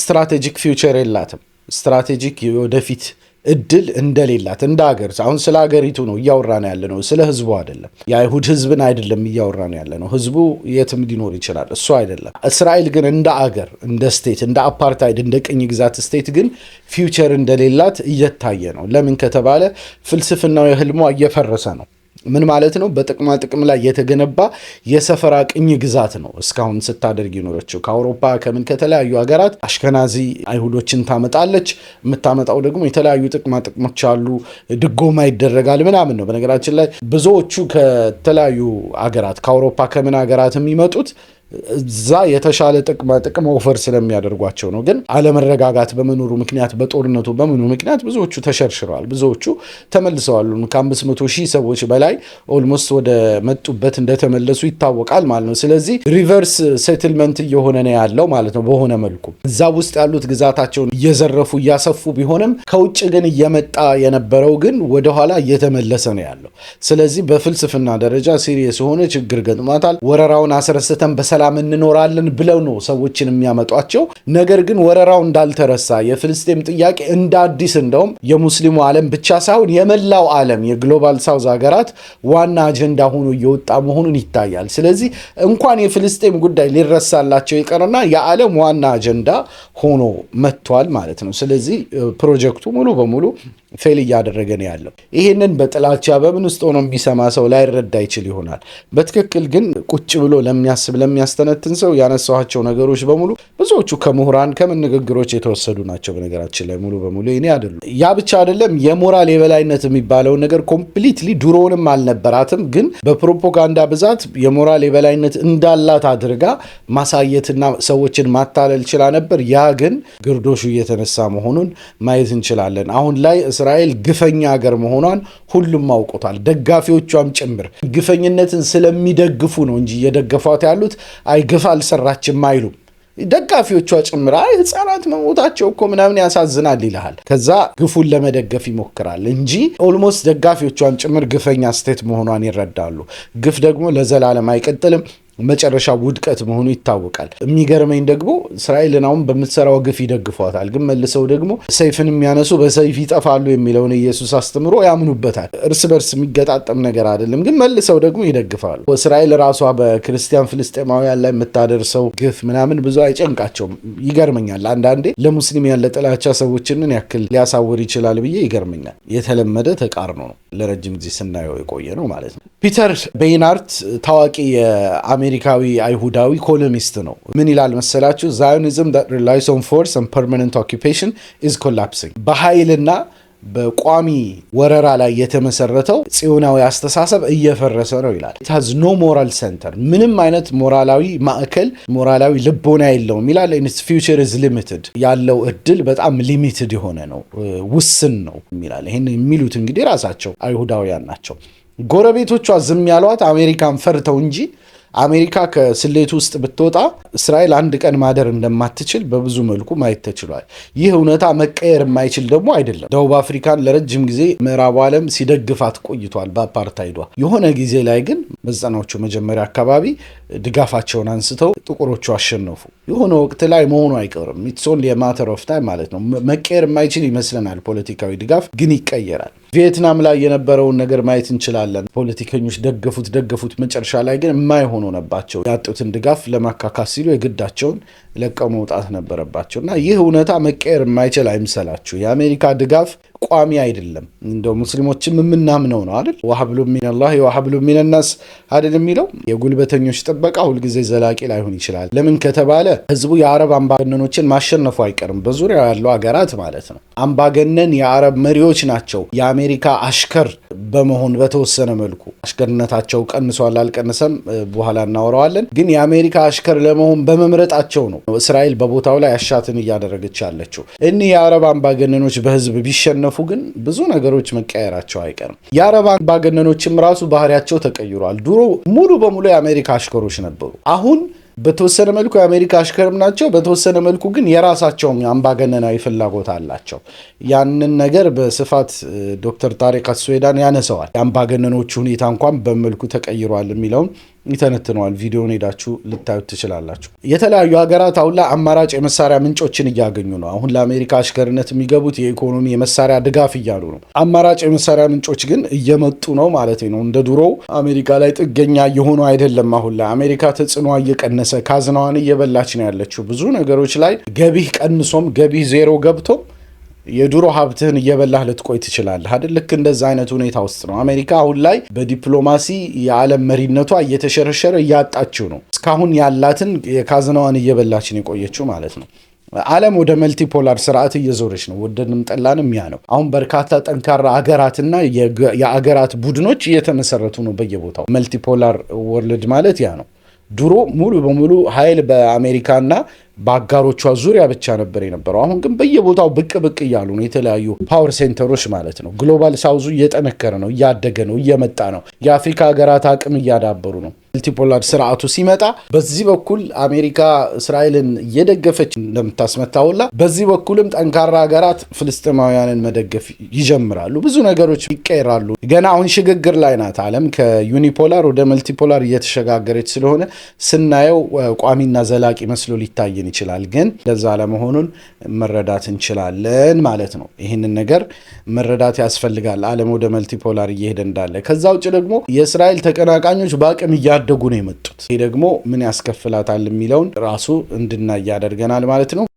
ስትራቴጂክ ፊውቸር የላትም። ስትራቴጂክ የወደፊት እድል እንደሌላት እንደ ሀገር አሁን ስለ ሀገሪቱ ነው እያወራን ያለ ነው፣ ስለ ህዝቡ አይደለም። የአይሁድ ህዝብን አይደለም እያወራን ያለ ነው። ህዝቡ የትም ሊኖር ይችላል፣ እሱ አይደለም። እስራኤል ግን እንደ አገር፣ እንደ ስቴት፣ እንደ አፓርታይድ፣ እንደ ቅኝ ግዛት ስቴት ግን ፊውቸር እንደሌላት እየታየ ነው። ለምን ከተባለ ፍልስፍናው የህልሟ እየፈረሰ ነው። ምን ማለት ነው? በጥቅማ ጥቅም ላይ የተገነባ የሰፈራ ቅኝ ግዛት ነው እስካሁን ስታደርግ ይኖረችው። ከአውሮፓ ከምን ከተለያዩ ሀገራት አሽከናዚ አይሁዶችን ታመጣለች። የምታመጣው ደግሞ የተለያዩ ጥቅማ ጥቅሞች አሉ፣ ድጎማ ይደረጋል ምናምን ነው። በነገራችን ላይ ብዙዎቹ ከተለያዩ ሀገራት ከአውሮፓ ከምን ሀገራት የሚመጡት እዛ የተሻለ ጥቅማ ጥቅም ኦፈር ስለሚያደርጓቸው ነው። ግን አለመረጋጋት በመኖሩ ምክንያት በጦርነቱ በምኑ ምክንያት ብዙዎቹ ተሸርሽረዋል፣ ብዙዎቹ ተመልሰዋል። ከአምስት መቶ ሺህ ሰዎች በላይ ኦልሞስት ወደ መጡበት እንደተመለሱ ይታወቃል ማለት ነው። ስለዚህ ሪቨርስ ሴትልመንት እየሆነ ነው ያለው ማለት ነው። በሆነ መልኩ እዛ ውስጥ ያሉት ግዛታቸውን እየዘረፉ እያሰፉ ቢሆንም ከውጭ ግን እየመጣ የነበረው ግን ወደኋላ እየተመለሰ ነው ያለው። ስለዚህ በፍልስፍና ደረጃ ሲሪየስ የሆነ ችግር ገጥሟታል። ወረራውን አስረስተን በሰ በሰላም እንኖራለን ብለው ነው ሰዎችን የሚያመጧቸው። ነገር ግን ወረራው እንዳልተረሳ የፍልስጤም ጥያቄ እንደ አዲስ እንደውም የሙስሊሙ ዓለም ብቻ ሳይሆን የመላው ዓለም የግሎባል ሳውዝ ሀገራት ዋና አጀንዳ ሆኖ እየወጣ መሆኑን ይታያል። ስለዚህ እንኳን የፍልስጤም ጉዳይ ሊረሳላቸው ይቀርና የዓለም ዋና አጀንዳ ሆኖ መጥቷል ማለት ነው። ስለዚህ ፕሮጀክቱ ሙሉ በሙሉ ፌል እያደረገ ነው ያለው። ይህንን በጥላቻ በምን ውስጥ ሆኖ የሚሰማ ሰው ላይረዳ ይችል ይሆናል። በትክክል ግን ቁጭ ብሎ ለሚያስብ ለሚያስተነትን ሰው ያነሳኋቸው ነገሮች በሙሉ ብዙዎቹ ከምሁራን ከምን ንግግሮች የተወሰዱ ናቸው። በነገራችን ላይ ሙሉ በሙሉ ይኔ አይደሉም። ያ ብቻ አይደለም። የሞራል የበላይነት የሚባለውን ነገር ኮምፕሊትሊ ድሮውንም አልነበራትም፣ ግን በፕሮፓጋንዳ ብዛት የሞራል የበላይነት እንዳላት አድርጋ ማሳየትና ሰዎችን ማታለል ችላ ነበር። ያ ግን ግርዶሹ እየተነሳ መሆኑን ማየት እንችላለን አሁን ላይ እስራኤል ግፈኛ ሀገር መሆኗን ሁሉም አውቆታል፣ ደጋፊዎቿም ጭምር። ግፈኝነትን ስለሚደግፉ ነው እንጂ እየደገፏት ያሉት አይ ግፍ አልሰራችም አይሉም። ደጋፊዎቿ ጭምር አይ ህፃናት መሞታቸው እኮ ምናምን ያሳዝናል ይልሃል። ከዛ ግፉን ለመደገፍ ይሞክራል እንጂ ኦልሞስት ደጋፊዎቿም ጭምር ግፈኛ ስቴት መሆኗን ይረዳሉ። ግፍ ደግሞ ለዘላለም አይቀጥልም። መጨረሻ ውድቀት መሆኑ ይታወቃል። የሚገርመኝ ደግሞ እስራኤልን አሁን በምትሰራው ግፍ ይደግፏታል፣ ግን መልሰው ደግሞ ሰይፍን የሚያነሱ በሰይፍ ይጠፋሉ የሚለውን ኢየሱስ አስተምሮ ያምኑበታል። እርስ በርስ የሚገጣጠም ነገር አይደለም፣ ግን መልሰው ደግሞ ይደግፋሉ። እስራኤል ራሷ በክርስቲያን ፍልስጤማውያን ላይ የምታደርሰው ግፍ ምናምን ብዙ አይጨንቃቸውም። ይገርመኛል አንዳንዴ ለሙስሊም ያለ ጥላቻ ሰዎችንን ያክል ሊያሳውር ይችላል ብዬ ይገርመኛል። የተለመደ ተቃርኖ ነው፣ ለረጅም ጊዜ ስናየው የቆየ ነው ማለት ነው። ፒተር ቤይናርት ታዋቂ የአሜሪካዊ አይሁዳዊ ኮሎሚስት ነው። ምን ይላል መሰላችሁ? ዛዮኒዝም ሪላይስ ኦን ፎርስ ኤንድ ፐርማነንት ኦኪፔሽን ኢዝ ኮላፕሲንግ። በኃይልና በቋሚ ወረራ ላይ የተመሰረተው ጽዮናዊ አስተሳሰብ እየፈረሰ ነው ይላል። ታዝ ኖ ሞራል ሴንተር፣ ምንም አይነት ሞራላዊ ማዕከል ሞራላዊ ልቦና የለውም ይላል። ኢትስ ፊውቸር ኢዝ ሊሚትድ፣ ያለው እድል በጣም ሊሚትድ የሆነ ነው ውስን ነው ይላል። ይህን የሚሉት እንግዲህ ራሳቸው አይሁዳውያን ናቸው። ጎረቤቶቿ ዝም ያሏት አሜሪካን ፈርተው እንጂ አሜሪካ ከስሌት ውስጥ ብትወጣ እስራኤል አንድ ቀን ማደር እንደማትችል በብዙ መልኩ ማየት ተችሏል። ይህ እውነታ መቀየር የማይችል ደግሞ አይደለም። ደቡብ አፍሪካን ለረጅም ጊዜ ምዕራቡ ዓለም ሲደግፋት ቆይቷል በአፓርታይዷ። የሆነ ጊዜ ላይ ግን በዘጠናዎቹ መጀመሪያ አካባቢ ድጋፋቸውን አንስተው ጥቁሮቹ አሸነፉ። የሆነ ወቅት ላይ መሆኑ አይቀርም። ኢትስ ኦንሊ የማተር ኦፍ ታይም ማለት ነው። መቀየር የማይችል ይመስለናል። ፖለቲካዊ ድጋፍ ግን ይቀየራል። ቪየትናም ላይ የነበረውን ነገር ማየት እንችላለን። ፖለቲከኞች ደገፉት ደገፉት፣ መጨረሻ ላይ ግን የማይሆን ሆነባቸው። ያጡትን ድጋፍ ለማካካስ ሲሉ የግዳቸውን ለቀው መውጣት ነበረባቸው እና ይህ እውነታ መቀየር የማይችል አይምሰላችሁ። የአሜሪካ ድጋፍ ቋሚ አይደለም። እንደ ሙስሊሞችም የምናምነው ነው አይደል? ዋሀብሉ ሚንላ ወሀብሉ ሚንናስ አይደል የሚለው የጉልበተኞች ጥበቃ ሁልጊዜ ዘላቂ ላይሆን ይችላል። ለምን ከተባለ ህዝቡ የአረብ አምባገነኖችን ማሸነፉ አይቀርም፣ በዙሪያ ያሉ ሀገራት ማለት ነው። አምባገነን የአረብ መሪዎች ናቸው የአሜሪካ አሽከር በመሆን በተወሰነ መልኩ አሽከርነታቸው ቀንሷል አልቀንሰም፣ በኋላ እናወራዋለን። ግን የአሜሪካ አሽከር ለመሆን በመምረጣቸው ነው እስራኤል በቦታው ላይ አሻትን እያደረገች ያለችው። እኒህ የአረብ አምባገነኖች በህዝብ ቢሸነፉ ግን ብዙ ነገሮች መቀየራቸው አይቀርም። የአረብ አምባገነኖችም ራሱ ባህሪያቸው ተቀይሯል። ድሮ ሙሉ በሙሉ የአሜሪካ አሽከሮች ነበሩ። አሁን በተወሰነ መልኩ የአሜሪካ አሽከርም ናቸው። በተወሰነ መልኩ ግን የራሳቸውም አምባገነናዊ ፍላጎት አላቸው። ያንን ነገር በስፋት ዶክተር ታሪክ አስዌዳን ያነሰዋል። የአምባገነኖቹ ሁኔታ እንኳን በመልኩ ተቀይሯል የሚለውን ይተነትነዋል። ቪዲዮን ሄዳችሁ ልታዩት ትችላላችሁ። የተለያዩ ሀገራት አሁን ላይ አማራጭ የመሳሪያ ምንጮችን እያገኙ ነው። አሁን ለአሜሪካ አሽከርነት የሚገቡት የኢኮኖሚ የመሳሪያ ድጋፍ እያሉ ነው። አማራጭ የመሳሪያ ምንጮች ግን እየመጡ ነው ማለት ነው። እንደ ድሮው አሜሪካ ላይ ጥገኛ የሆኑ አይደለም። አሁን ላይ አሜሪካ ተጽዕኖ እየቀነሰ እየቀነሰ ካዝናዋን እየበላች ነው ያለችው። ብዙ ነገሮች ላይ ገቢህ ቀንሶም ገቢህ ዜሮ ገብቶም የድሮ ሀብትህን እየበላህ ልትቆይ ትችላለህ አይደል? ልክ እንደዛ አይነት ሁኔታ ውስጥ ነው አሜሪካ አሁን ላይ በዲፕሎማሲ የዓለም መሪነቷ እየተሸረሸረ እያጣችው ነው። እስካሁን ያላትን የካዝናዋን እየበላችን የቆየችው ማለት ነው። ዓለም ወደ መልቲፖላር ስርዓት እየዞረች ነው። ወደንም ጠላንም ያ ነው። አሁን በርካታ ጠንካራ አገራትና የአገራት ቡድኖች እየተመሰረቱ ነው በየቦታው። መልቲፖላር ወርልድ ማለት ያ ነው። ድሮ ሙሉ በሙሉ ኃይል በአሜሪካና በአጋሮቿ ዙሪያ ብቻ ነበር የነበረው። አሁን ግን በየቦታው ብቅ ብቅ እያሉ ነው የተለያዩ ፓወር ሴንተሮች ማለት ነው። ግሎባል ሳውዙ እየጠነከረ ነው፣ እያደገ ነው፣ እየመጣ ነው። የአፍሪካ ሀገራት አቅም እያዳበሩ ነው። መልቲፖላር ስርዓቱ ሲመጣ በዚህ በኩል አሜሪካ እስራኤልን እየደገፈች እንደምታስመታውላ በዚህ በኩልም ጠንካራ ሀገራት ፍልስጥማውያንን መደገፍ ይጀምራሉ። ብዙ ነገሮች ይቀይራሉ። ገና አሁን ሽግግር ላይ ናት ዓለም ከዩኒፖላር ወደ መልቲፖላር እየተሸጋገረች ስለሆነ ስናየው ቋሚና ዘላቂ መስሎ ሊታየን ይችላል። ግን ለዛ አለመሆኑን መረዳት እንችላለን ማለት ነው። ይህንን ነገር መረዳት ያስፈልጋል፣ ዓለም ወደ መልቲፖላር እየሄደ እንዳለ። ከዛ ውጭ ደግሞ የእስራኤል ተቀናቃኞች በአቅም እያደጉ ነው የመጡት። ይህ ደግሞ ምን ያስከፍላታል የሚለውን ራሱ እንድናይ ያደርገናል ማለት ነው።